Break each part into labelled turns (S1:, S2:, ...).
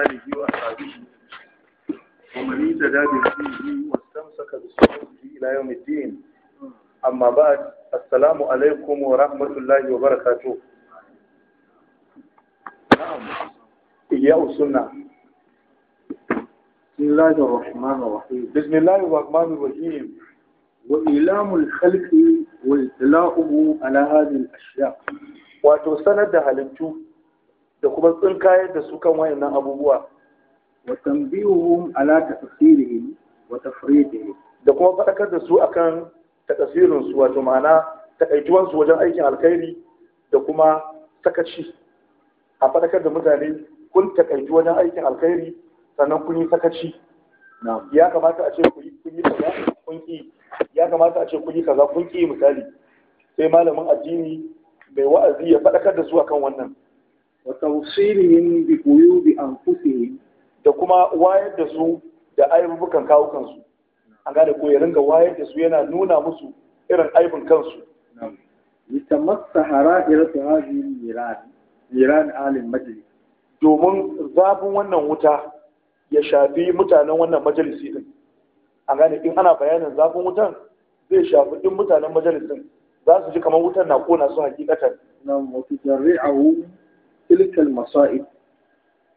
S1: آله وأصحابه ومن اهتدى بهديه واستمسك بسنته إلى يوم الدين أما بعد السلام عليكم ورحمة الله وبركاته نعم إياه السنة بسم الله الرحمن الرحيم بسم الله الرحمن الرحيم وإلام الخلق وإطلاعه على هذه الأشياء وتسند هلمتو da kuma tsinkayar da su kan wayannan abubuwa wa tanbihuhum ala tafsirihi wa tafridihi da kuma faɗakar da su akan tafsirin su wato ma'ana takaituwan su wajen aikin alkhairi da kuma sakaci a faɗakar da mutane kun takaitu wajen aikin alkhairi sannan kun yi sakaci ya kamata a ce kun yi kaza kun ki ya kamata a ce kun yi kaza kun ki misali sai malamin addini mai wa'azi ya faɗakar da su akan wannan wa tawsilihim bi quyubi وايد da kuma wayar da su da aibubukan kawo kansu an gane ko ya ringa wayar da su yana nuna musu irin aibin kansu litamassa hara'iratu hadhihi miran miran alim majlis domin zafin wannan wuta ya shafi mutanen wannan majalisi din an gane in ana bayanin zafin wutan zai shafi din mutanen majalisin za su ji kamar wutan na kona su hakikatan nan mutu jarri'ahu tilkal masa'ib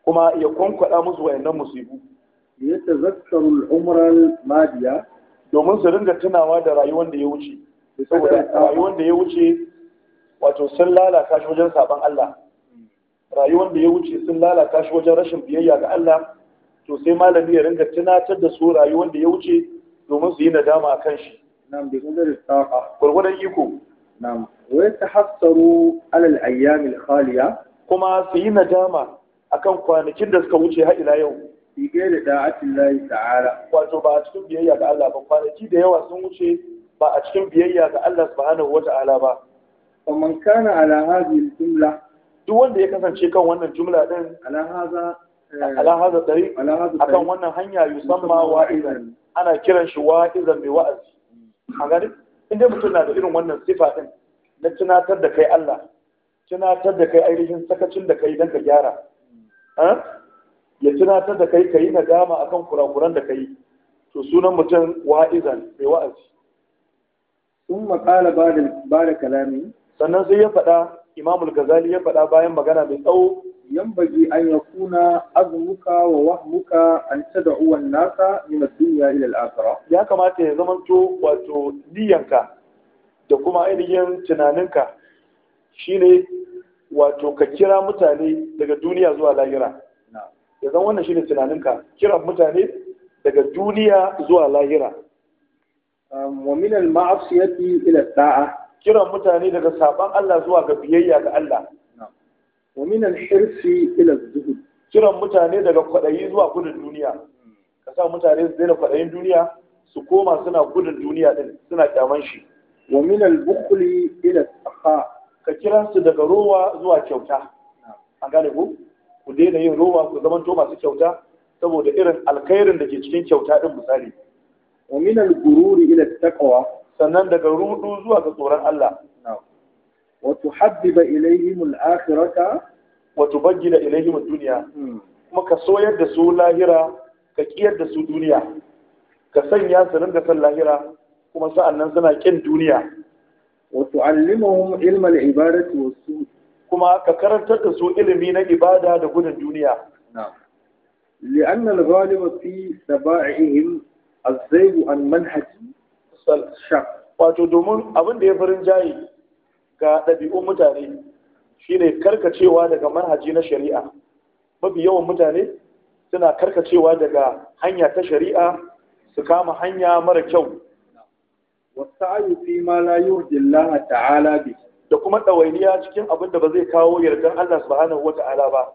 S1: kuma ya kwankwada musu wayannan musibu ya tazakkaru al-umra al-madiya domin su ringa tunawa da rayuwar da ya wuce saboda rayuwar da ya wuce wato sun lalata shi wajen saban Allah rayuwar da ya wuce sun lalata shi wajen rashin biyayya ga Allah to sai malami ya ringa tunatar da su rayuwar da ya wuce domin su yi nadama a kan shi na'am bi qadari taqa gurgurdan iko na'am wa yatahassaru ala al-ayyam al-khaliya kuma su yi nadama akan kwanakin da suka wuce har ila yau bi gairi da'atin lahi ta'ala wato ba a cikin biyayya ga Allah ba kwanaki da yawa sun wuce ba a cikin biyayya ga Allah subhanahu wata'ala ba faman kana ala hadhihi jumla duk wanda ya kasance kan wannan jumla din ala hadha eh, ala hadha tariq akan wannan hanya yusamma wa'izan ana kiran shi wa'izan mai wa'azi a gani inda mutum na da irin wannan sifa din na tunatar da kai Allah tunatar da kai ainihin sakacin da kai don ka gyara ya tunatar da kai kayi yi nadama akan kurakuran da kai to sunan mutum wa'izan mai wa'azi sun makala ba da kalami sannan sai ya faɗa imamul gazali ya faɗa bayan magana mai tsawo Yan an wahmuka an ta da uwan nasa تدعو na duniya ilal إلى Ya kamata ya zamanto wato liyanka. da kuma ainihin tunaninka shine wato ka kira mutane daga duniya zuwa lahira Ya zan wannan shine tunaninka kira mutane daga duniya zuwa lahira um, wa min al ma'asiyati ila sa'a kira mutane daga saban Allah zuwa ga biyayya ga Allah wa min al hirsi ila zuhud kira mutane daga kwadayi zuwa gudun duniya hmm. ka sa mutane su daina kwadayin duniya su koma suna gudun duniya din suna kyaman shi
S2: wa min al bukhli
S1: ila sa'a ka kira su daga rowa zuwa kyauta an gane ku ku daina yin rowa ku zama to masu kyauta saboda irin alkhairin da ke cikin kyauta din misali wa min al-gururi ila taqwa sannan daga rudu zuwa ga tsoron Allah wa tuhabbiba ilayhim al-akhirata wa tubajjila ilayhim ad-dunya hmm. kuma ka soyar da su lahira ka kiyar da su duniya ka sanya su ringa san lahira kuma sa'annan suna kin duniya wa tu'allimuhum ilma al-ibadati kuma ka karantar da su ilimi na ibada da gudun duniya na'am li'anna an wato domin abin da ya farin jayi ga ɗabi'un mutane shine karkacewa daga manhaji na shari'a mafi yawan mutane suna karkacewa daga hanya ta shari'a su kama hanya mara kyau Wasu fi ma la yurdi Allah ta'ala bi da kuma dawainiya cikin abin da ba zai kawo yardan Allah subhanahu wa ta'ala ba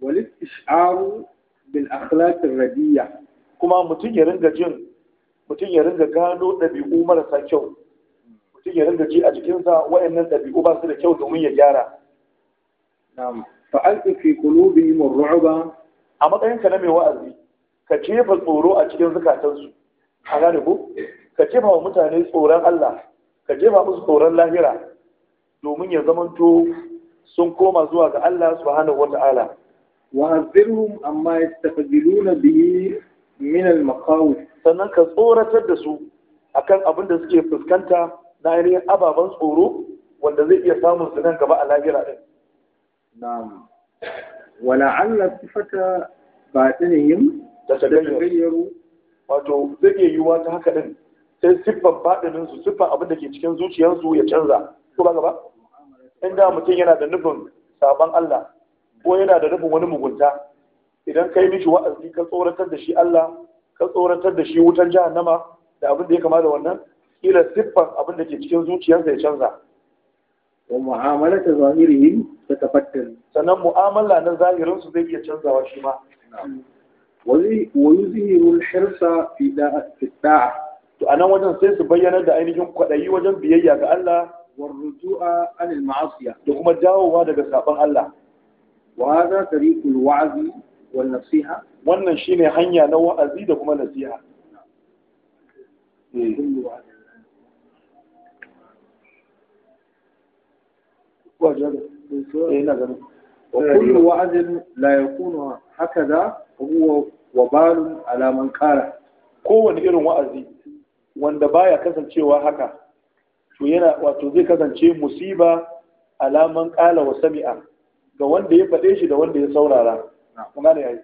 S1: walis isharu bil akhlaq rabiya. kuma mutum ya ringa jin mutum ya ringa gano ɗabi'u marasa kyau mutum ya ringa ji a jikinsa waɗannan ɗabi'u ba su da kyau domin ya gyara na'am fa'alqi fi qulubihim ar-ru'ba a matsayin ka na mai wa'azi ka jefa tsoro a cikin zukatansu a gane ko ka jefa wa mutane tsoron Allah ka jefa musu tsoron lahira domin ya zamanto sun koma zuwa ga Allah subhanahu wata'ala wa hazirhum amma yastafdiluna bihi min al-maqawid sannan ka tsoratar da su akan abin da suke fuskanta na ainihin ababen tsoro wanda zai iya samun su nan gaba a lahira din na'am wala alla sifata batinihim ta tagayyaru wato zai iya yiwuwa ta haka din sai siffan faɗinin su siffan abin da ke cikin zuciyarsu ya canza ko ba gaba inda mutum yana da nufin sabon Allah ko yana da nufin wani mugunta idan kai mishi wa'azi ka tsoratar da shi Allah ka tsoratar da shi wutan jahannama da abin da ya kama da wannan kila siffan abin da ke cikin zuciyarsa ya canza wa mu'amala ta ta tafattar sannan mu'amala na zahirin su zai iya canzawa shi ma wa yuzhiru al-hirsa fi da'a to anan wajen sai su bayyana da ainihin kwaɗayi wajen biyayya ga Allah warruju'a anil ma'asiya da kuma dawowa daga sabon Allah wa hadha tariqul wa'zi wal nasiha wannan shine hanya na wa'azi da kuma nasiha وكل وعد لا يكون هكذا هو وبال على من قاله kowane irin wa'azi wanda baya kasancewa haka to yana wato zai kasance musiba alaman kala wa sami'a ga wanda ya faɗe shi da wanda ya saurara kuma ne yayi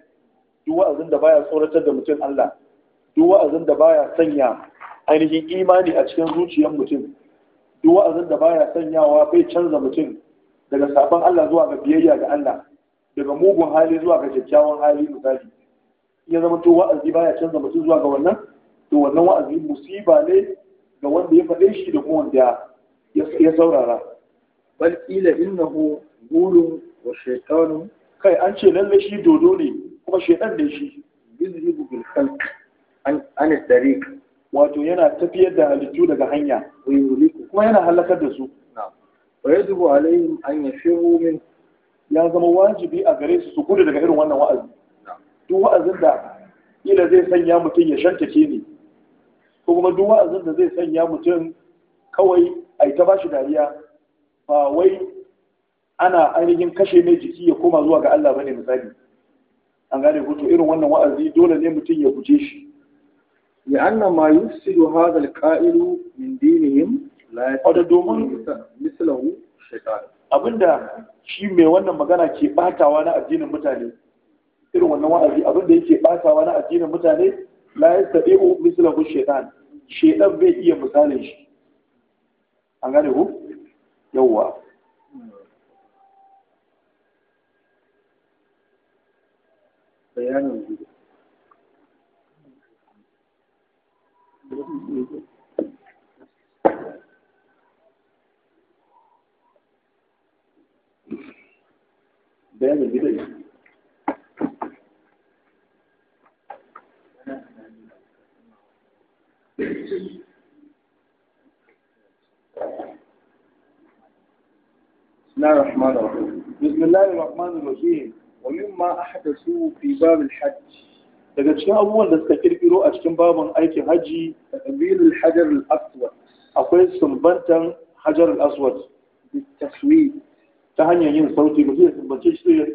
S1: duk wa'azin da baya tsoratar da mutum Allah duk wa'azin da baya sanya ainihin imani a cikin zuciyar mutum duk wa'azin da baya sanyawa bai canza mutum daga sabon Allah zuwa ga biyayya ga Allah daga mugun hali zuwa ga kyakkyawan hali misali ya zama to wa'azi baya canza mutum zuwa ga wannan to wannan wa'azi musiba ne ga wanda ya faɗe shi da kuma wanda ya saurara bal ila innahu gulun wa shekaru. kai an ce lalle shi dodo ne kuma shaytan ne shi yuzhibu bil khalq an an tariq wato yana tafiyar da halittu daga hanya kuma yana halakar da su wa yajibu alaihim an yashiru min ya zama wajibi a gare su su gudu daga irin wannan wa'azi duk wa'azin da ila zai sanya mutum ya shantake ne ko kuma duk wa'azin da zai sanya mutum kawai a yi ta bashi dariya ba wai ana ainihin kashe mai jiki ya koma zuwa ga Allah bane misali an gane ko to irin wannan wa'azi dole ne mutum ya guje shi ya anna ma yusidu hadha alqa'ilu min dinihim la yata domin mislahu shaytan abinda shi mai wannan magana ke batawa na addinin mutane irin wannan wa'azi abinda yake batawa na addinin mutane la yastati'u mislahu shaytan ɗan bai iya misalin shi an gane ku yawwa bayanin bayanin بسم الله الرحمن الرحيم بسم الله الرحمن الرحيم ومما أحدثوا في باب الحج daga cikin abubuwan da suka kirkiro a cikin babin aikin haji taqbilul hajar al-aswad akwai sumbantan hajar al-aswad taswi ta hanyar yin sauti mutum ya sumbace shi ya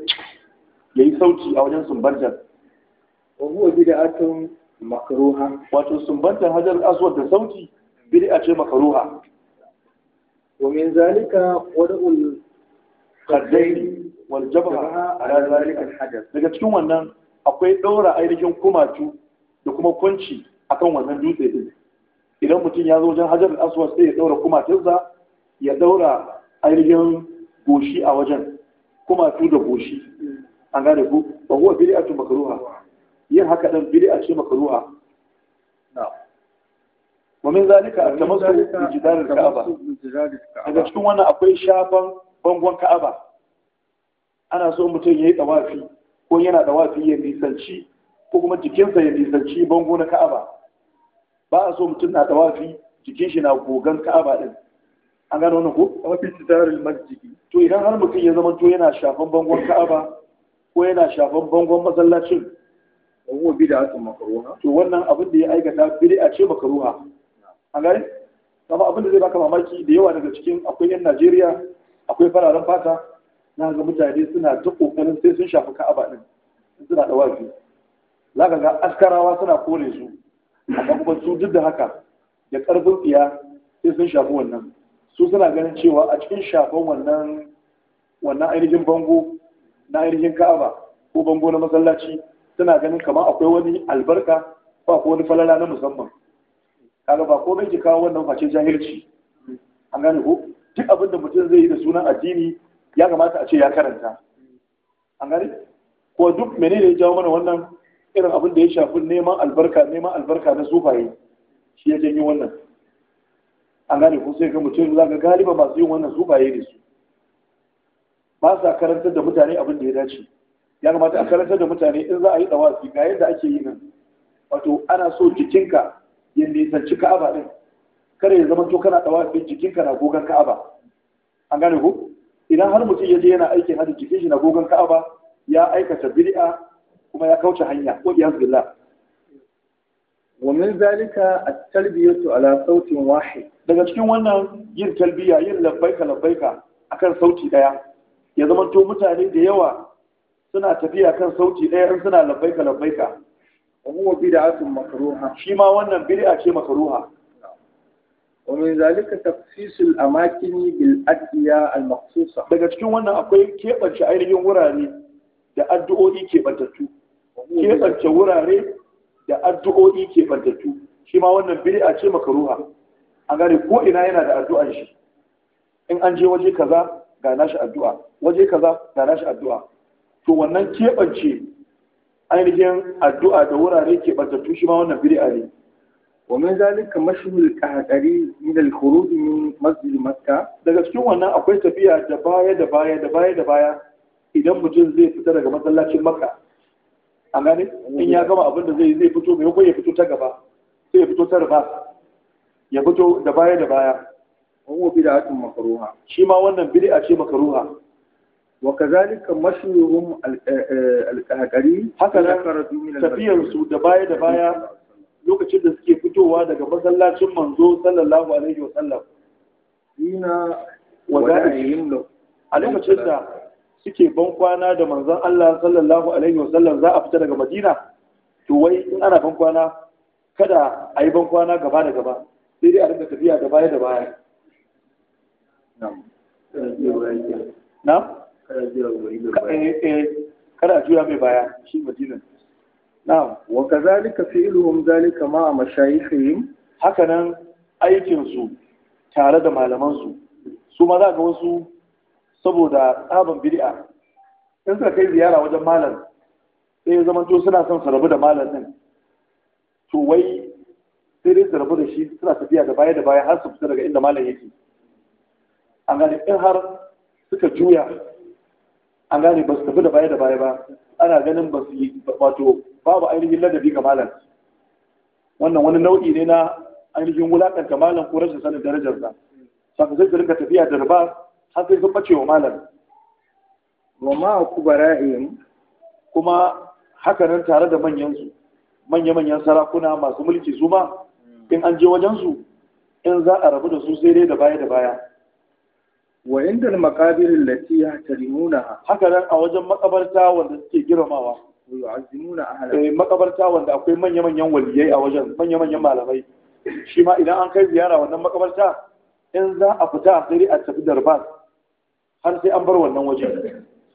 S1: yi sauti a wajen sumbantar wa huwa bid'atun makaruha wato sumbantar hajar aswad da sauti a ce makaruha domin min zalika wad'ul qaddayn wal a ala zalika al hajar daga cikin wannan akwai daura ainihin kumatu da kuma kunci akan wannan dutse din idan mutum ya zo wajen hajar aswad sai ya daura kumatunsa ya daura ainihin goshi a wajen kumatu da goshi an gane ku ba huwa bid'atu makaruha yin haka ɗan bid'a ce makruha wa min zalika a tamassu bi jidar al-ka'aba daga cikin wannan akwai shafan bangon ka'aba ana so mutum yayi tawafi ko yana tawafi ya nisanci ko kuma jikinsa ya nisanci bango na ka'aba ba a so mutum na tawafi jikin shi na gogan ka'aba din an gano wani ko tawafi tijarul masjidi to idan har mutum ya zama to yana shafan bangon ka'aba ko yana shafan bangon masallacin wa huwa bid'atun makruha to wannan abin da ya aikata bid'a ce makruha an gane kuma abin da zai baka mamaki da yawa daga cikin akwai yan Najeriya akwai fararen fata na ga mutane suna ta kokarin sai sun shafi ka'aba din suna da wafi za ka ga askarawa suna kore su amma kuma su duk da haka da karfin tsiya sai sun shafi wannan su suna ganin cewa a cikin shafan wannan wannan ainihin bango na ainihin ka'aba ko bango na masallaci suna ganin kamar akwai wani albarka ko akwai wani falala na musamman kaga ba komai ke kawo wannan face jahilci an gane ko duk abin da mutum zai yi da sunan addini ya kamata a ce ya karanta an gane ko duk menene ya jawo mana wannan irin abin da ya shafi neman albarka neman albarka na sufaye shi ya janyo wannan an gane ko sai ga mutum za ga galiba masu yin wannan sufaye ne su ba sa karantar da mutane abin da ya dace ya kamata a karanta da mutane in za a yi tsawafi ga yadda ake yi nan wato ana so jikinka ya nisanci ka'aba din kada ya zama to kana tsawafi jikinka na gogon ka'aba an gane ku idan har mutum ya je yana aikin hada jikin shi na gogon ka'aba ya aikata bid'a kuma ya kauce hanya wa ya billah wa min zalika at-talbiyatu ala sautin wahid daga cikin wannan yin talbiya yin labbaika labbaika akan sauti daya ya zama to mutane da yawa suna tafiya kan sauti ɗaya in suna labbaika labbaika wa huwa bid'atun makruha shi ma wannan bid'a ce makruha wa min zalika tafsisul amakini bil adiya al makhsusa daga cikin wannan akwai keɓance ainihin wurare da addu'o'i keɓantattu keɓance wurare da addu'o'i keɓantattu shi ma wannan bid'a ce makruha a gane ko ina yana da addu'an shi in an je waje kaza ga nashi addu'a waje kaza ga nashi addu'a to wannan keɓance ainihin addu'a da wurare keɓantattu shi ma wannan bid'a ne wa min zalika mashhul qahdari min al-khuruj min masjid makkah daga cikin wannan akwai tafiya da baya da baya da baya da baya idan mutum zai fita daga masallacin makka a gane in ya gama abin da zai zai fito mai ko ya fito ta gaba sai ya fito ta riba ya fito da baya da baya wannan bid'atun makruha shi ma wannan bid'a ce makruha وكذلك مشيهم القهقري هكذا خرجوا من تفيهم سو دبايا دبايا lokacin da suke fitowa daga masallacin manzo sallallahu alaihi wa sallam ina wada'ihim a lokacin da suke ban kwana da manzon Allah sallallahu alaihi wa sallam za a fita daga Madina to wai in ana ban kwana kada a yi ban kwana gaba da gaba sai dai a rinka tafiya da baya da baya na kada juya mai baya shi madinan na'am wa kazalika fi'luhum zalika ma'a mashayikhihim hakanan aikin su tare da malaman su su ma za ga wasu saboda tsaban bid'a in suka kai ziyara wajen malam sai zama to suna son su rabu da malam din to wai sai dai su rabu da shi suna tafiya da baya da baya har su fita daga inda malam yake an gani in har suka juya an gane ba su tafi da baya da baya ba ana ganin ba su yi wato babu ainihin ladabi ga malam wannan wani nau'i ne na ainihin wulakanta malam ko rashin sanin darajar sa saka zai su tafiya da riba har sai sun bace wa malam wa ma kubara'in kuma haka nan tare da manyan su manya-manyan sarakuna masu mulki su ma in an je wajen su in za a rabu da su sai dai da baya da baya wa inda maqabirin lati yahtarimunaha haka nan a wajen makabarta wanda suke girmamawa wa yu'azzimuna ahla eh makabarta wanda akwai manya manyan waliyai a wajen manya manyan malamai shi ma idan an kai ziyara wannan makabarta in za a fita a sai a tafi darbar har sai an bar wannan waje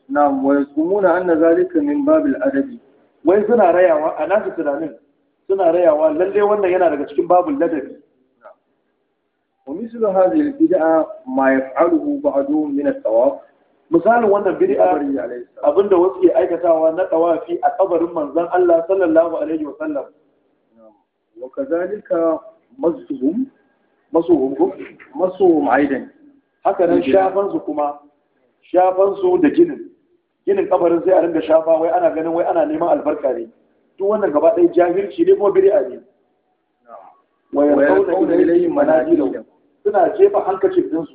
S1: na'am wa yasumuna anna zalika min babil adabi wai suna rayawa a nasu tunanin suna rayawa lalle wannan yana daga cikin babul ladabi ومثل هذه البدعة ما يفعله بعضهم من الطواف مثال وانا بدعة أبن وسكي أيكتا وانا طوافي أقبر من ذن الله صلى الله عليه وسلم وكذلك مسهم مسهم مسهم عيدا هكذا شافن سكما شافن سو دجن ginin kabarin sai a ringa shafa wai ana ganin wai ana neman albarka ne duk wannan gaba ɗaya jahilci ne kuma bid'a ne wa yarqawna ilayhi manazilahum suna jefa hankacin dinsu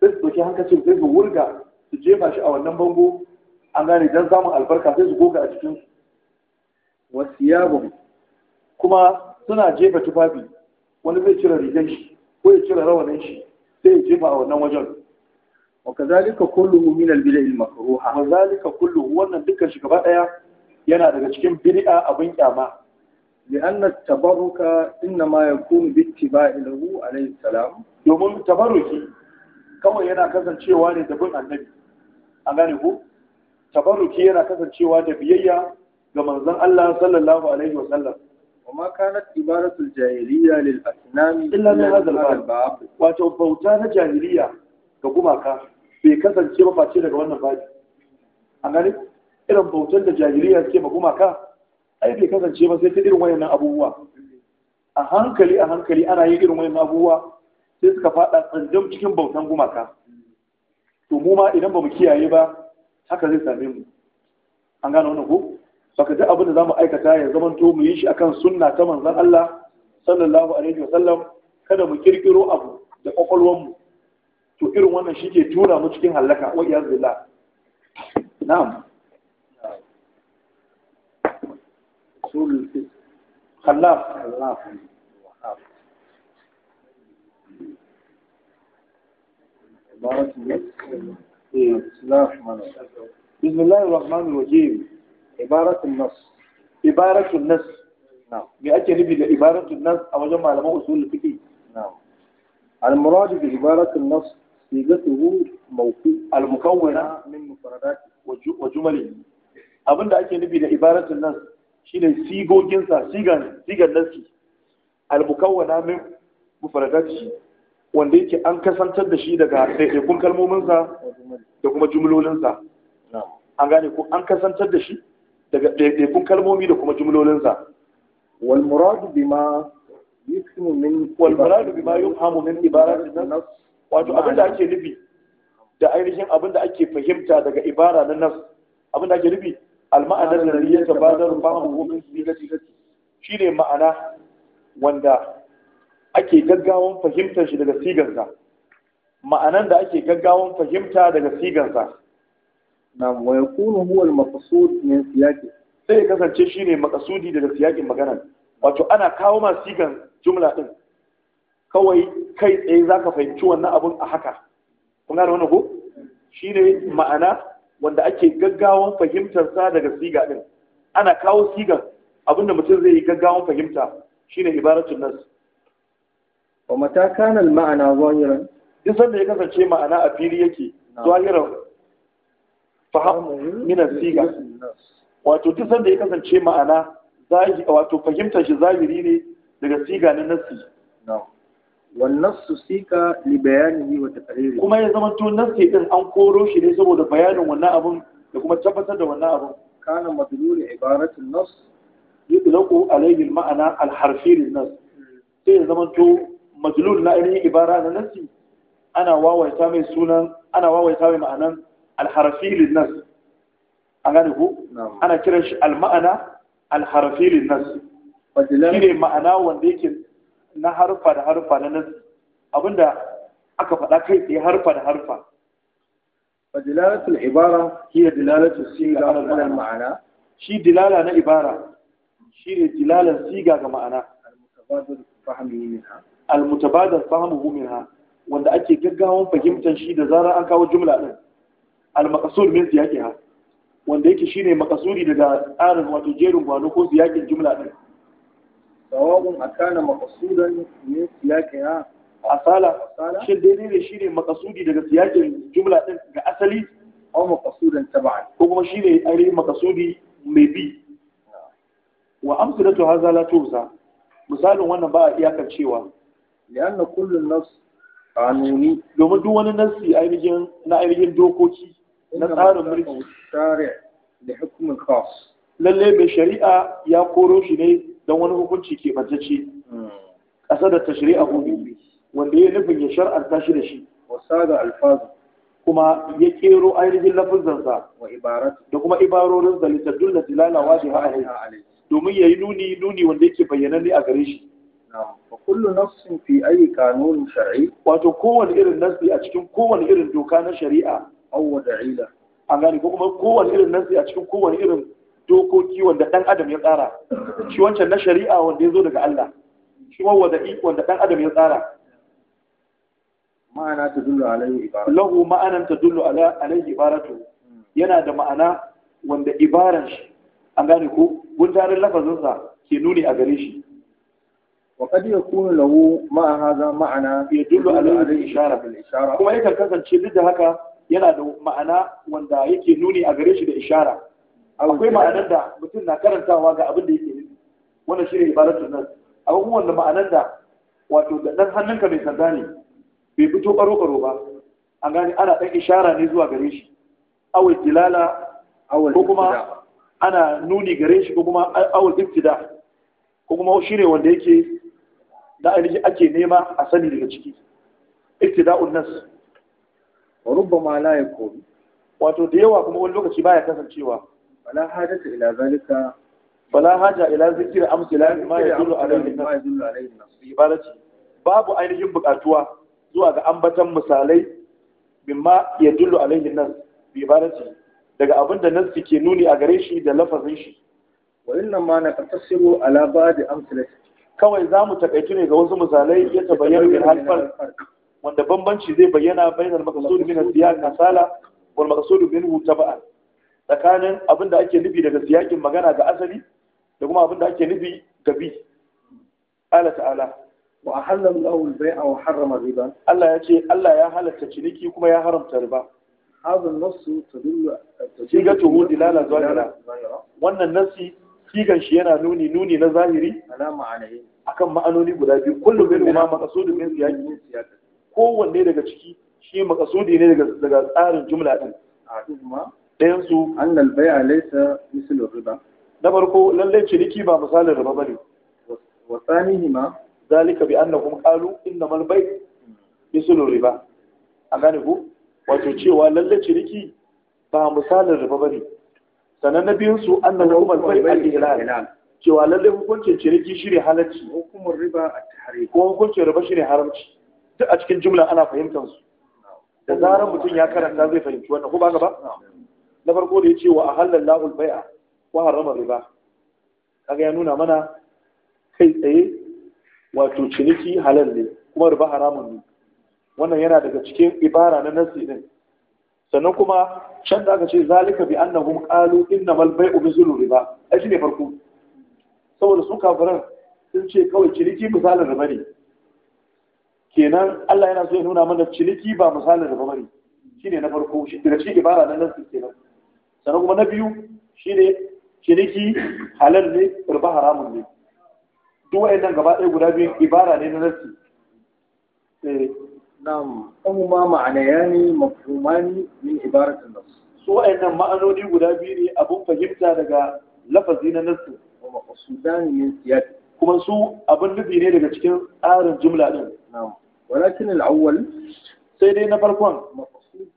S1: sai su dauki hankacin sai su wurga su jefa shi a wannan bango an gane don samun albarka sai su goga a cikinsu wasu yabon kuma suna jefa tufafi wani zai cire rigar shi ko ya cire rawanin shi sai ya jefa a wannan wajen wa kazalika kullu min al-bid'il makruha wa zalika kullu wannan dukkan shi gaba daya yana daga cikin bid'a abin kyama لأن التبرك إنما يكون باتباع له عليه السلام domin tabarruki kawai yana kasancewa ne da bin annabi a gane ku tabarruki yana kasancewa da biyayya ga manzon Allah sallallahu alaihi wasallam وما كانت عبارة الجاهلية للأصنام إلا من هذا الباب wato bauta na jahiliya ga gumaka bai kasance ba daga wannan babi a gane irin bautar da jahiliya suke ma gumaka ai bai kasance ba sai ta irin wayannan abubuwa a hankali a hankali ana yin irin wayannan abubuwa sai suka fada tsandam cikin bautan gumaka to mu ma idan ba mu kiyaye ba haka zai same mu an gane wannan ko baka duk abin da zamu aikata ya zaman to mu yi shi akan sunna ta manzon Allah sallallahu alaihi wasallam kada mu kirkiro abu da kwakwalwar mu to irin wannan shi ke tura mu cikin halaka wa iyaz na'am رسول خلاف خلاف عبارة بسم الله الرحمن الرحيم عبارة النص عبارة النص نعم بأجل بي عبارة النص أو جمع لما أصول الفكي نعم المراد بعبارة النص صيغته موقوف المكونة من مفردات وجمله أبدا أجل بي عبارة النص ne sigoginsa sigan sigan nasi al-mukawwana min mufaradati wanda yake an kasantar da shi daga ɗaiɗaikun kalmominsa da kuma jumlolinsa an gane ko an kasantar da shi daga ɗaiɗaikun kalmomi da kuma jumlolinsa Walmuradu bima yusmu min wal muradu bima yufhamu min da nas wato abin da ake nufi da ainihin abin da ake fahimta daga ibara na nas abin da ake nufi al-ma'anar da ya tabbatar su gomin sigati shi ne ma'ana wanda ake gaggawan fahimtar shi daga sigarsa ma'anan da ake gaggawan fahimta daga sigarsa na wa yakunu huwa al-maqsud min siyaki sai kasance shi ne makasudi daga siyakin magana. wato ana kawo ma sigar jumla din kawai kai tsaye zaka fahimci wannan abun a haka kun gane wannan ko shine ma'ana wanda ake gaggawan fahimtar sa daga siga din ana kawo siga abinda mutum zai yi gaggawan fahimta shine ibaratun nas wa mata kana al ma'ana zahiran duk sanda ya kasance ma'ana a fili yake zahiran fahimu min siga wato duk sanda ya kasance ma'ana wato fahimtar shi zahiri ne daga siga na nasi na'am wannan su sika li bayanihi wa taqriri kuma ya zama to nassi an koro shi ne saboda bayanin wannan abun da kuma tabbatar da wannan abun kana madlul ibaratu nas yutlaqu alayhi al-ma'na al-harfi lin-nas sai ya zama to madlul na ainihin ibara na nassi ana wawaita mai sunan ana wawaita mai ma'anan al-harfi lin-nas an gane ko ana kiran shi al-ma'na al-harfi lin-nas shine ma'ana wanda yake na harfa da harfa na nan abinda aka faɗa kai tsaye harfa da harfa فدلالة dilalatu هي دلالة الصيغة على المعنى شي دلالة نا عبارة شي دلالة صيغة كمعنى المتبادل فهمه منها المتبادل فهمه ha. wanda ake gaggawan fahimtar shi da zarar an kawo jumla din al-maqsud min siyaqiha wanda yake shine makasuri daga tsarin wato jerin gwano ko siyakin jumla din kana akana ne min A asala shi daidai ne shine makasudi daga siyakin jumla din ga asali ko maqsudan ba. ko kuma shine ari makasudi mai bi wa amsalatu hadha la tuhsa misalin wannan ba a iyakar cewa lianna kullu nafs qanuni domin duk wani nafsi ainihin na ainihin dokoki na tsarin mulki shari'a da hukumin khas lalle mai shari'a ya koro shi ne don wani hukunci ke bantacce hmm. ƙasar da a hudu wanda ya nufin ya shar'ar shi da shi wasa ga alfazu kuma ya kero ainihin lafazansa da kuma ibarorin da littattun da tilalawa ha ha'alai domin ya yi nuni nuni wanda yake bayyana ne a gare shi wa kullu nafsin fi ayi kanunin shar'i wato kowane irin nafsi a cikin kowane irin doka na shari'a aw wada'ila an gane ko kuma kowane irin nafsi a cikin kowane irin dokoki wanda ɗan adam ya tsara shi wancan na shari'a wanda ya zo daga Allah shi wanda wanda ɗan adam ya tsara ma'ana ta dullu alaihi ibaratu lahu ma'anan ta dullu alaihi ibaratu yana da ma'ana wanda ibaran shi an gane ko gundarin lafazinsa ke nuni a gare shi ma'ana وقد يكون له مع هذا Kuma yakan kasance duk da haka yana da ma'ana wanda yake nuni a gare shi da ishara. akwai ma'anar da mutum na karantawa ga abin da yake nufi wannan shi ne ibadar tunan. abubuwan da wanda ma'anar da wato da ɗan hannunka mai sanda ne bai fito ɓaro ɓaro ba an gane ana ɗan ishara ne zuwa gare shi awai dilala ko kuma ana nuni gare shi ko kuma awal ibtida ko kuma shi ne wanda yake da ainihi ake nema a sani daga ciki ibtida'un nas wa rubbama la yakun wato da yawa kuma wani lokaci baya kasancewa fala hajata ila zalika fala haja ila zikir amsila ma yadullu alayhi ibarati babu ainihin bukatuwa zuwa ga ambatan misalai mimma yadullu alayhi nas bi ibarati daga abinda da nas ke nuni a gare shi da lafazin shi wa inna ma na tafsiru ala ba'd amsilati kawai za mu takaitu ne ga wasu misalai ya tabayyana bil harfar wanda bambanci zai bayyana bainal maqsud min as-siyaq asala wal maqsud minhu taba'an tsakanin abin da ake nufi daga siyakin magana ga asali da kuma abin da ake nufi ga bi ala ta'ala wa ahalla lahu al baya wa harrama riba Allah ya ce Allah ya halatta ciniki kuma ya haramta riba hadha nassu nass tadullu tuhu dilala zahira wannan nasi sigan shi yana nuni nuni na zahiri alama alayhi akan ma'anoni guda biyu kullum min ma maqsudu min siyaka kowanne daga ciki shi maqsudi ne daga daga tsarin jumla din ɗayan su annal a laisa misilin riba na farko lallai ciniki ba misalin riba bane wa tsanihima zalika bi annahum qalu innamal bai' misilin riba a gane ku wato cewa lallai ciniki ba misalin riba bane sannan na biyun su annahu humal bai' al-ihlal cewa lallai hukuncin ciniki shine halacci hukumar riba at-tahrim ko hukuncin riba shine haramci duk a cikin jumla ana fahimtar su da zarar mutum ya karanta zai fahimci wannan ko ba ka ba na farko da ya ce wa ahallan lahul bai'a wa harama riba kaga ya nuna mana kai tsaye wato ciniki halal ne kuma riba haramun ne wannan yana daga cikin ibara na nasi din sannan kuma can da aka ce zalika bi annahum qalu innamal bai'u mithlu riba ai shine farko saboda su kafiran sun ce kawai ciniki misalin riba ne kenan Allah yana so ya nuna mana ciniki ba misalin riba bane shine na farko shi daga cikin ibara na nasi kenan sannan kuma na biyu shi ne ciniki halal ne riba haramun ne duk wayannan gaba ɗaya guda biyu ibara ne na nasi eh na'am kuma ne mafhumani min ibaratin nas su wayannan ma'anoni guda biyu ne abun fahimta daga lafazi na nasi wa maqsudani min siyaq kuma su abin nufi ne daga cikin tsarin jumla ɗin na'am walakin al'awwal sai dai na farkon maqsud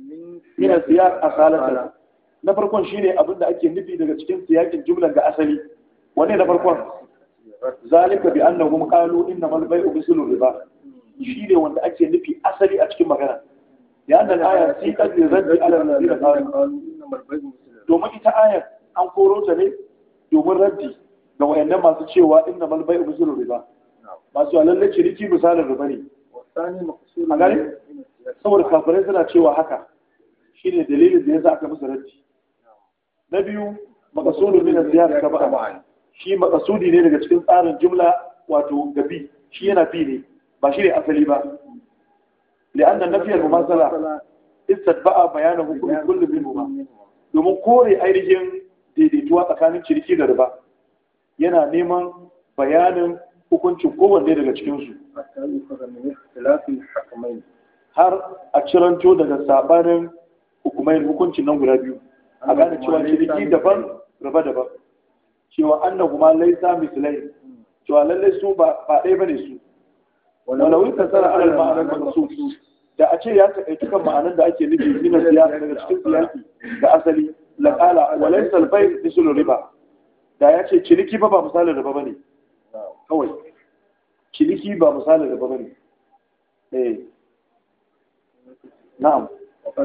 S1: min siyaq asalatan na farkon shine abin da ake nufi daga cikin siyakin jumlan ga asali wane na farkon zalika bi annahum qalu inna mal bai'u bisulu riba shine wanda ake nufi asali a cikin magana ya annal aya fi qadri radd ala alladhina qalu domin ita Aya an koro ta ne domin raddi ga wayannan masu cewa inna mal bai'u bisulu riba masu cewa lalle riki misalin riba ne a gani saboda kafirai suna cewa haka shine dalilin da yasa aka musu raddi na biyu na min al-siyaq ma'ani shi makasudi ne daga cikin tsarin jumla wato gabi shi yana fi ne ba shi ne asali ba li'anna nafiy al-mumasala istadba'a bayana kullum bin ba, domin kore ainihin daidaituwa tsakanin ciniki da riba yana neman bayanin hukuncin kowanne daga cikinsu har a ciranto daga sabanin hukumai hukuncin nan guda biyu
S2: a gane cewa ciniki
S1: daban raba daban cewa annahu ma laisa mislai cewa lallai su ba ɗaya ba ne su walau in tasara alal ma'anar su, da a ce ya taƙaitu kan ma'anar da ake nufi min siyasa daga cikin siyasi da asali la qala wa laysa al bay' riba da ya ce ciniki ba ba misalin riba bane kawai ciniki ba misalin riba bane eh na'am wa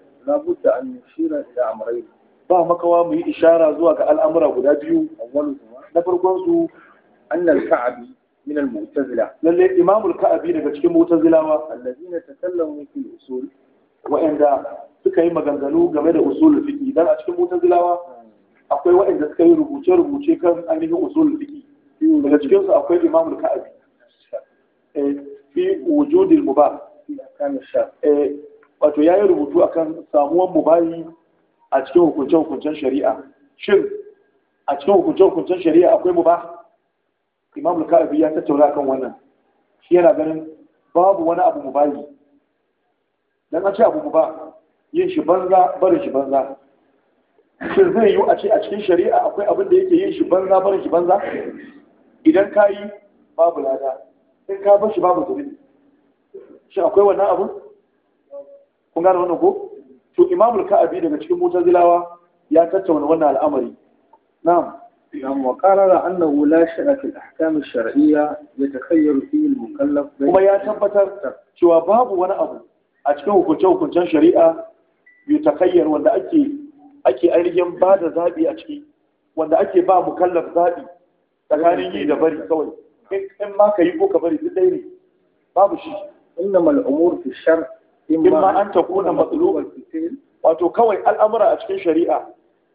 S1: la budda an yushira ila amrayn ba makawa mu yi ishara zuwa ga al'amura guda biyu awwalu na farkon su annal ka'abi min al mu'tazila lalle imamul ka'abi daga cikin mu'tazilawa alladina takallamu fi usul wa'anda suka yi maganganu game da usul fiqi dan a cikin mu'tazilawa akwai wa'anda suka yi rubuce rubuce kan ainihin usul fiqi daga akwai imamul ka'abi wato ya yi rubutu akan samuwan bayi a cikin hukunce-hukuncen shari'a shin a cikin hukunce-hukuncen shari'a akwai mu ba? imam al-ka'abi ya tattauna kan wannan shi yana ganin babu wani abu mubahi dan an ce abu ba, yin shi banza barin shi banza shin zai yiwu a ce a cikin shari'a akwai abin da yake yin shi banza barin shi banza idan ka yi babu lada in ka bar shi babu zubi shin akwai wannan abu? kun gane wannan ko to imamu ka'abi daga cikin mutazilawa ya tattauna wannan al'amari na'am yan wa qarara annahu la shara fi ahkam shar'iyya yatakhayyar fi al-mukallaf kuma ya tabbatar cewa babu wani abu a cikin hukunce hukuncen shari'a yatakhayyar wanda ake ake arigen ba da zabi a ciki wanda ake ba mukallaf zabi tsakanin yi da bari kawai in ma ka yi ko ka bari duk dai ne babu shi innamal umur fi shar' in ma an ta kuna matsalobar wato kawai al'amura a cikin shari'a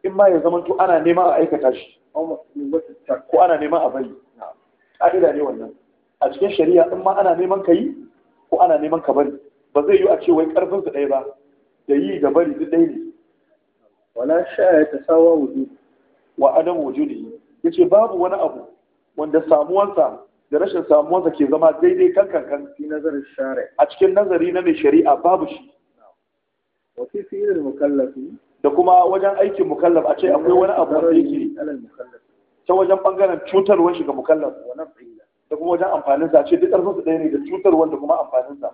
S1: in ma ya zama to ana nema a aikata shi ko ana nema a bari ƙa'ida ne wannan a cikin shari'a in ma ana neman ka yi ko ana neman ka bari ba zai yi a ce wai ƙarfin su ɗaya ba da yi da bari duk ɗaya ne wala sha ya ta sawa wuju wa adam wujudi yace babu wani abu wanda samuwansa da rashin samuwarsa ke zama daidai kan kankan fi nazarin share a cikin nazari na mai shari'a babu shi wa fi fi'il mukallafi da kuma wajen aikin mukallaf a ce akwai wani abu da yake ta wajen bangaren cutarwar shi ga mukallaf da kuma wajen amfanin sa ce duk karfin su ɗaya ne da cutarwar da kuma amfanin sa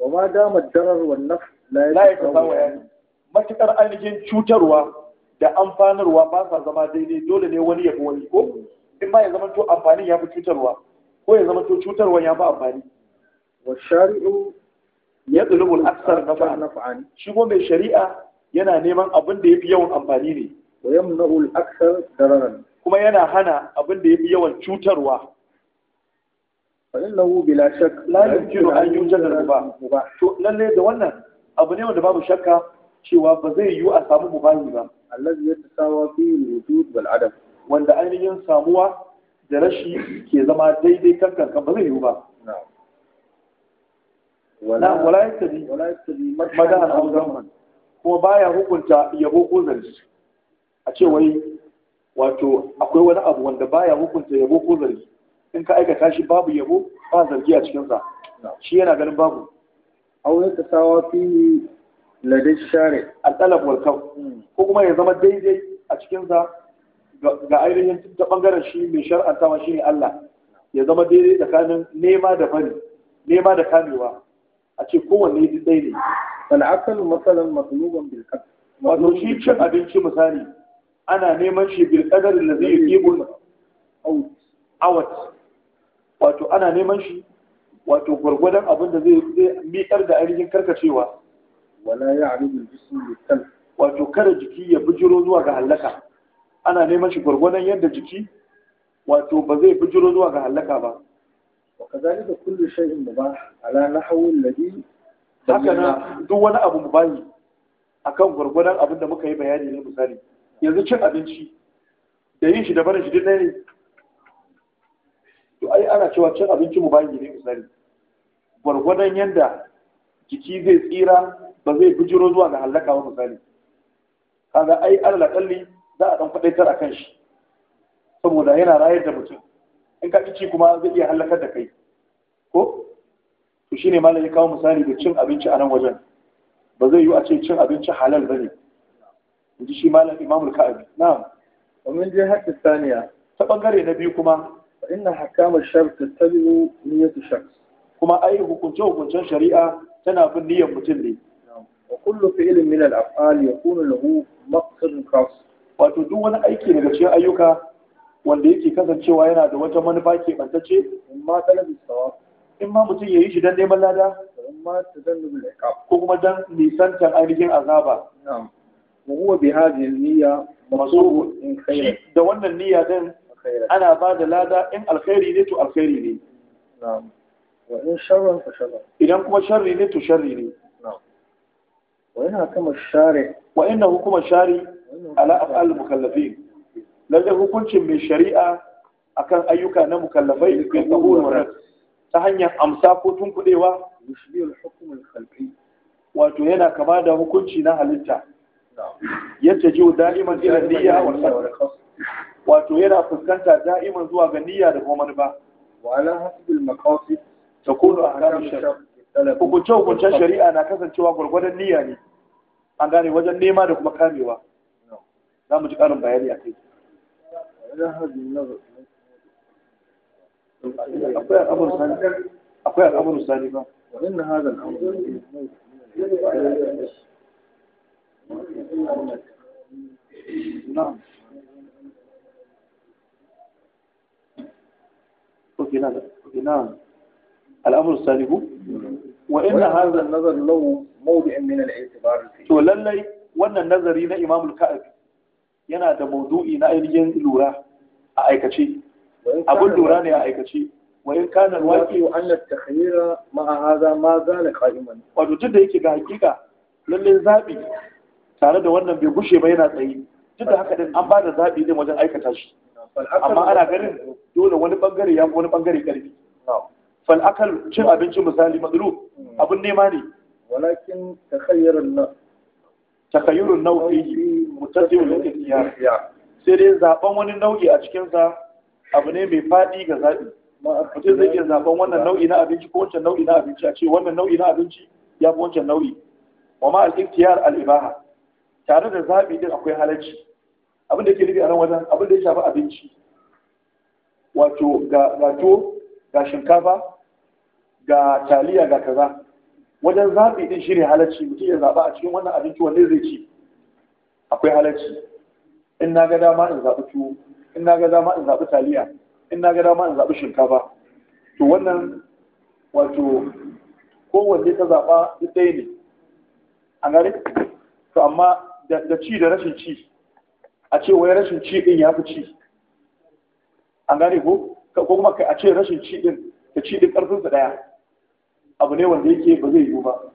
S1: wa ma dama darar wa naf la ya kasa wa yani ainihin cutarwa da amfanarwa ba sa zama daidai dole ne wani ya fi wani ko mm. in ma ya zama to amfanin ya fi cutarwa ko ya zama to cutarwa ya ba amfani wa shari'u ya tsulubul aksar nafa'an shi kuma mai shari'a yana neman abin da ya fi yawan amfani ne wa yamna'ul aksar dararan kuma yana hana abin da ya fi yawan cutarwa فإنه bila شك la يمكن an يوجد ruba to lalle da wannan abu ne wanda babu shakka cewa ba zai yiwu a samu mubahi ba allazi yatasawa fi wujud wal adam wanda ainihin samuwa da rashi ke zama daidai kan kankan ba zai yiwu ba na wala ya tabi abu zaman. kuma baya hukunta yabo ko zargi a ce wai wato akwai wani abu wanda baya hukunta yabo ko zargi in ka aikata shi babu yabo ba zargi a cikinsa shi yana ganin babu aure ta sawa fi ladin share a talab wal hmm. ko kuma ya zama daidai a cikinsa ga ainihin ta bangaren shi mai shar'antawa shi ne Allah ya zama daidai tsakanin nema da bari nema da kamewa a ce kowanne duk ɗaya ne wani akan matsalan matsalogon bil wato shi cin abinci misali ana neman shi bil da zai yi awat wato ana neman shi wato gwargwadon abin da zai zai miƙar da ainihin karkacewa wala ya al jism wato kada jiki ya bijiro zuwa ga halaka ana neman shi gwargwadon yadda jiki wato ba zai jiro zuwa ga halaka ba wa kazalika kullu shay'in ba ala nahwi alladhi haka na duk wani abu bani akan gwargwadon abin da muka yi bayani ne misali yanzu cin abinci da yin shi da barin shi dinne ne to ai ana cewa cin abinci mubahi ne misali gwargwadon yadda jiki zai tsira ba zai jiro zuwa ga halaka ba misali kaga ai alal akalli za a ɗan faɗaitar a kan shi saboda yana rayar da mutum in ka ci kuma zai iya halakar da kai ko to shine malam ya kawo misali da cin abinci a nan wajen ba zai yi a ce cin abinci halal ne. in ji shi malam imamul ka'abi na'am ومن جهة الثانية تبقري نبيكما فإن حكام الشرط تتبع نية الشخص كما أي حكمته حكمتين شريعة تنافي النية متلي وكل فعل من الأفعال يكون له مقصد خاص wato duk wani aiki daga cikin ayyuka wanda yake kasancewa yana da wata manufa ke bantace, in ma talabin sawa in ma mutum ya yi shi don neman lada in ma ta ko kuma don nisantar ainihin azaba wa huwa bi hadhihi niyya in da wannan niyya din ana ba da lada in alkhairi ne to alkhairi ne na'am wa in fa idan kuma sharri ne to sharri ne na'am wa ina kama share wa inna hukuma ala af'al mukallafin lalle hukuncin mai shari'a akan ayyuka na mukallafai bil qabul wa ta hanyar amsa ko tunkudewa yushbihul hukm al khalqi wato yana kama da hukunci na halitta yadda ji da'iman ila niyya wa wato yana fuskanta da'iman zuwa ga niyya da kuma manufa wa ala hasbil maqasid takunu ahkamu shar'i hukunce hukuncen shari'a na kasancewa gwargwadon niyya ne an gane wajen nema da kuma kamewa za mu ji ƙarin bayani a kai akwai al'amur sani ba wannan hazan na'am الأمر الثالث وإن هذا النظر له موضع من الاعتبار فيه lallai wannan nazari na Imam al yana da maudu'i na ainihin lura a aikace abin lura ne a aikace wa in kana alwaqi wa anna at ma ma'a hadha ma zala qa'iman wato duk da yake ga hakika lalle zabi tare da wannan bai gushe ba yana tsayi duk da haka din an ba da zabi din wajen aikata shi amma ana ganin dole wani bangare ya wani bangare karfi fal akal cin abinci misali madru hmm. abin nema ne walakin takhayyara takayyurun nau'i mutazilul ikhtiyar sai dai zaben wani nau'i a cikin sa abu ne mai fadi ga zabi mutum zai iya zaben wannan nau'i na abinci ko wancan nau'i na abinci a ce wannan nau'i na abinci ya fi wancan nau'i wa ma al-ikhtiyar al-ibaha tare da zabi din akwai halacci abin da ke nufi a nan wajen abin da ya shafi abinci wato ga tuwo ga shinkafa ga taliya ga kaza wajen zaɓi ɗin shi ne halarci mutum ya zaɓa a cikin wannan abinci wanne zai ci akwai halarci in na ga dama in zaɓi tuwo in na ga dama in zaɓi taliya in na ga dama in zaɓi shinkafa to wannan wato kowanne ta zaɓa duk ɗaya ne a gari to amma da ci da rashin ci a ce wai rashin ci ɗin ya fi ci a gari ko kuma a ce rashin ci ɗin da ci ɗin ƙarfinsa ɗaya abu ne wanda yake ba zai yiwu ba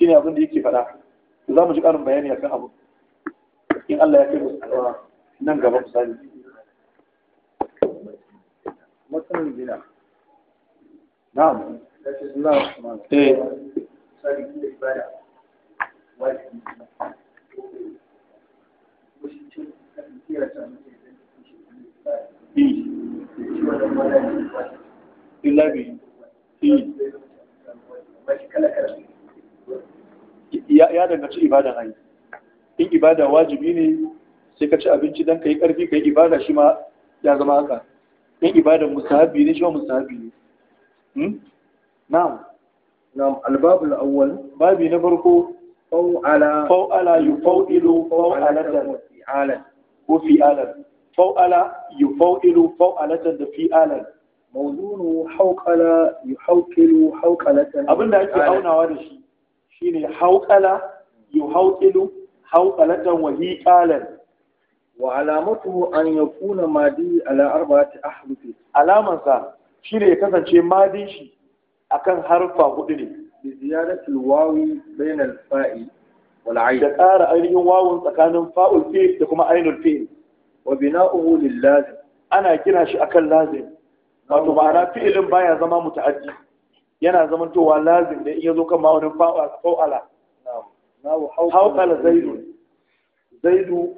S1: ne abin da yake faɗa za mu ji ƙarin bayani a kan abu in Allah ya kai mu nan gaba misali matsalar na'am eh ya danganci ibada hanyar in ibada wajibi ne sai ka ci abinci don ka yi ƙarfi ka yi ibada shi ma ya zama haka in ibada musahabi ne shi ma musahabi ne hmm? na'am na'am albabul awwal babi na farko fa'ala yi fa'ilu fa'alatar fi'alan ko fi'alan fa'ala yufailu fa'alatan da fi'alan mawzunu hauqala yuhawqilu hawqalatan abinda ake aunawa da shi shine hauqala yuhawqilu hawqalatan wa hiqalan wa alamatuhu an yakuna madi ala arba'ati ahruf alaman sa shine ya kasance madin shi akan harfa hudu ne bi ziyadati alwawi bayna alfa'i wal ayn da ƙara ainihin wawun tsakanin fa'ul fi'l da kuma ainul fi'l wa bina'uhu lil lazim ana gina shi akan lazim wato ma'ana fi'ilin baya zama muta'addi yana zaman towa lazim da in ya zo kan ma'aunin fa'ala hauƙala zaidu zaidu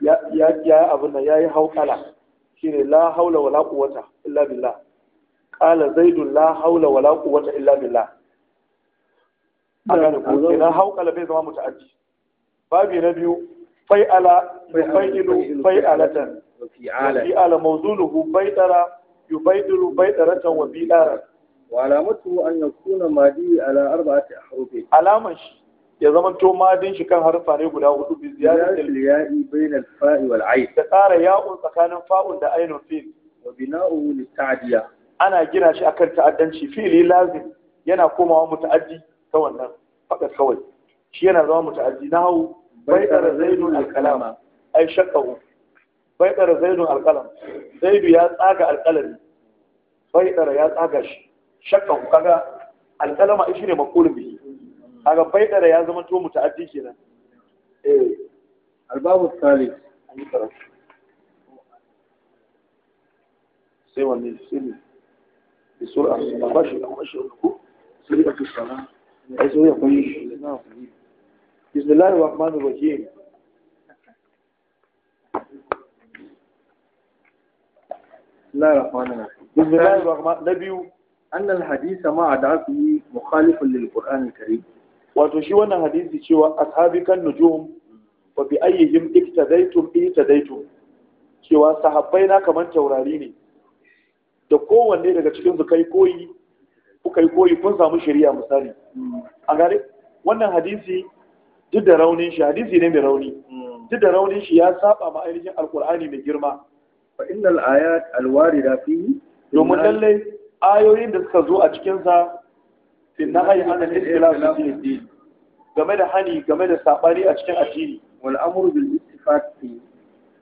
S1: ya ya abin nan yayi hauƙala shine la haula wala quwwata illa billah qala zaidu la haula wala quwwata illa billah akan ko idan hauƙala bai zama muta'addi babi na biyu fai'ala fai'ilu fai'alatan fi'ala fi'ala mawzuluhu baitara yubaidiru baidaratan wa bidara wa alamatu an yakuna madi ala arba'ati ahrufi alaman shi ya zama to madin shi kan harfa ne guda hudu bi ziyadatil ya'i bainal fa'i wal ayn da tsara ya'un tsakanin fa'un da ainun fi wa bina'u lita'diya ana gina shi akan ta'addanci fi'li lazim yana komawa muta'addi ta wannan fakat kawai shi yana zama muta'addi nahu bai'ara faidara zaidun alƙalam zaidu ya tsaga alƙalami faidara ya tsaga shi shakkan kaga alƙalama shi ne makulun bihi kaga faidara ya zama to muta'addi kenan eh albabu tsali an yi sai wanne sai ne bi sur'a ba ba shi amma shi ko sai ka tsara ai so ya koyi bismillahir rahmanir rahim na biyu annal hadisa ma a da yi mukhalifin lil qur'an karim wato shi wannan hadisi cewa ashabi kan nujum wa bi ayyihim iktadaitum na kamar taurari ne da kowanne daga cikin su kai koyi kuka koyi kun samu shari'a misali a gare wannan hadisi duk da raunin shi hadisi ne mai rauni duk da raunin shi ya saba ma ainihin alkur'ani mai girma fa innal ayat alwarida fihi domin lallai ayoyin da suka zo a cikin sa fi nahyi an al-ikhtilaf fi din game da hani game da sabari a cikin addini wal amru bil ittifaq fi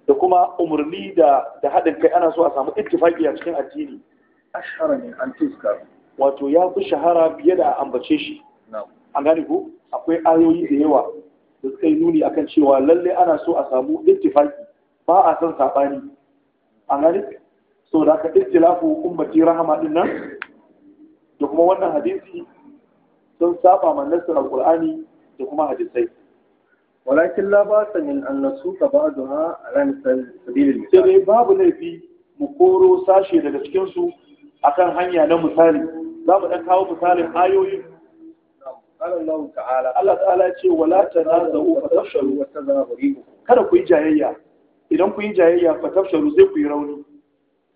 S1: da kuma umarni da da hadin kai ana so a samu ittifaqi a cikin addini ashhara min an tuzkar wato ya fi shahara fiye da ambace shi an gane ko akwai ayoyi da yawa da suka yi nuni akan cewa lalle ana so a samu ittifaqi ba a san sabani a nan so da aka ikhtilafu ummati rahama din nan da kuma wannan hadisi sun saba ma nassar alqur'ani da kuma hadisai walakin la ba sa min an da ha ala sabilil misal sai dai babu laifi mu koro sashe daga cikin su akan hanya na misali za mu ɗan kawo misalin ayoyin Allah ta'ala ce wala tanazu fa tafshalu wa tazhabu kada ku yi jayayya idan ku yi jayayya fa tafshalu sai ku yi rauni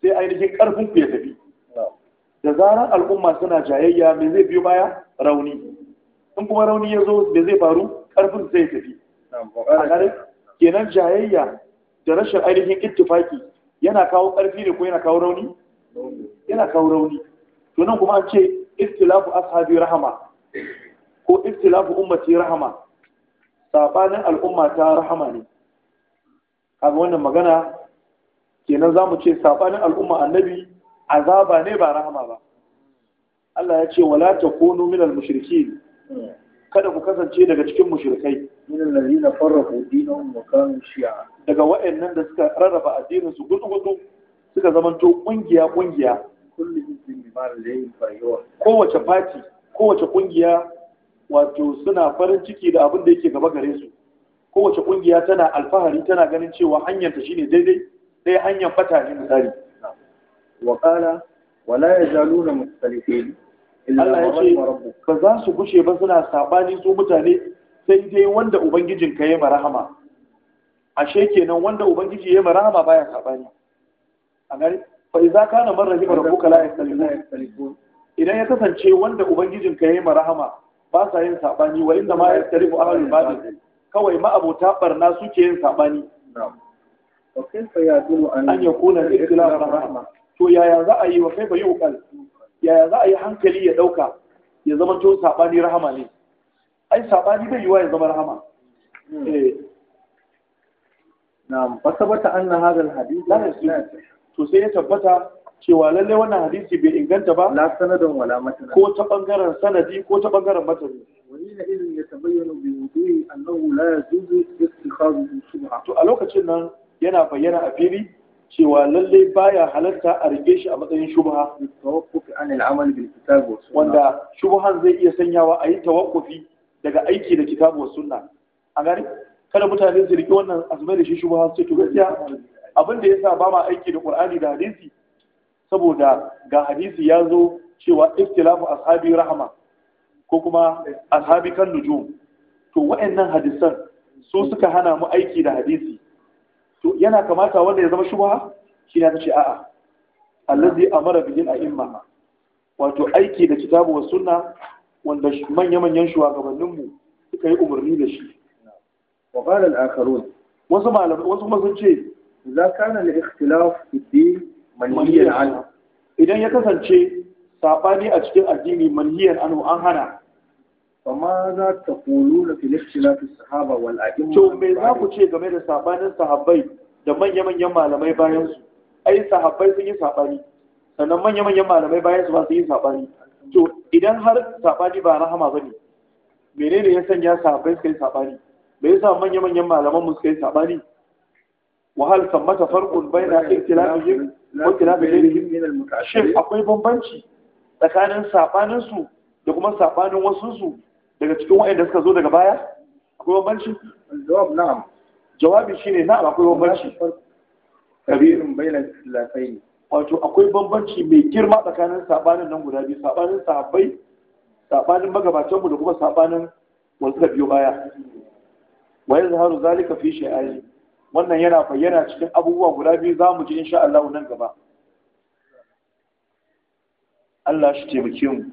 S1: sai ainihin karfin ku ya tafi da zarar al'umma suna jayayya me zai biyo baya rauni in kuma rauni ya zo me zai faru karfin zai tafi kenan jayayya da rashin ainihin ittifaki yana kawo karfi ne ko yana kawo rauni yana kawo rauni to nan kuma an ce istilafu ashabi rahama ko istilafu ummati rahama sabanin al'umma ta rahama ne kaga wannan magana kenan za mu ce sabanin al'umma annabi azaba ne ba rahama ba Allah ya ce wala takunu minal mushrikin kada ku kasance daga cikin mushrikai min allazina farraqu dinahum wa kanu shi'a daga wa'annan da suka rarraba addinin su gudu gudu suka zamanto kungiya kungiya kullu hizbin bima ladayhim farihun kowace fati kowace kungiya wato suna farin ciki da abin da yake gaba gare su kowace kungiya tana alfahari tana ganin cewa hanyar ta shine daidai sai hanyar fata ne misali wa qala la yazaluna mukhtalifin Allah ya ce ba za su gushe ba suna sabani su mutane sai dai wanda ubangijin ka yayi marhama ashe kenan wanda ubangiji yayi marhama baya sabani a gari fa idza kana man rahima rabbuka la yastalifun idan ya kasance wanda ubangijin ka yayi marhama ba sa yin sabani wa inda ma yastalifu ahlul batil kawai ma'abota barna suke yin saɓani an ya kuna islam rahma to yaya za a yi wa kai ba yi yaya za a yi hankali ya ɗauka ya zama to saɓani rahama ne ai saɓani bai yiwa ya zama rahama hmm. eh. na'am fa sabata anna hadha alhadith la to sai ya tabbata cewa lalle wannan hadisi bai inganta ba la sanadun wala matan ko ta bangaren sanadi ko ta bangaren matan. حينئذ يتبين بوضوح أنه لا يجوز اتخاذه شبهة to a lokacin nan yana bayyana a fili cewa lallai baya halarta a rike shi a matsayin shubha wanda shubhan zai iya sanyawa a yi tawaqqufi daga aiki da kitabu wa kada mutane su rike wannan azumai da shi shubha sai to gaskiya abin da sa ba ma aiki da Kur'ani da hadisi saboda ga hadisi ya zo cewa ikhtilafu asabin rahma ko kuma alhabi kan nujum to wa'annan hadisan su suka hana mu aiki da hadisi to yana kamata wanda ya zama shubha shi ne ce a'a allazi amara bihi al-imma wato aiki da kitabu wa sunna wanda manya-manyan shugabannin mu suka yi umarni da shi wa qala al-akharun wasu malamai wasu kuma sun ce za kana da ikhtilaf fi din manhiyan an idan ya kasance sabani a cikin addini manhiyan anhu an hana fama za ta kulu na filistilafin sahaba wal a'imma to me za ku ce game da sabanin sahabbai da manya-manyan malamai bayansu? su ai sahabbai sun yi sabani sannan manya-manyan malamai bayansu ba su yi sabani to idan har sabani ba rahama ba ne menene ya sanya sahabbai suka yi sabani me yasa manya-manyan malaman mu suka yi sabani wahal sammata farqun baina ikhtilafihim wa ikhtilafihim min al-mutashayyin akwai bambanci tsakanin sabanin da kuma sabanin wasu su daga cikin wa'anda suka zo daga baya akwai bambanci jawab na'am jawabi shine na'am akwai bambanci kabirin bainal lafai wato akwai bambanci mai girma tsakanin sabanin nan guda biyu sabanin sahabbai sabanin magabatanmu da kuma sabanin wasu da biyu baya wa yazharu zalika fi shay'ain wannan yana bayyana cikin abubuwa guda biyu za mu ji insha Allah nan gaba Allah shi taimake mu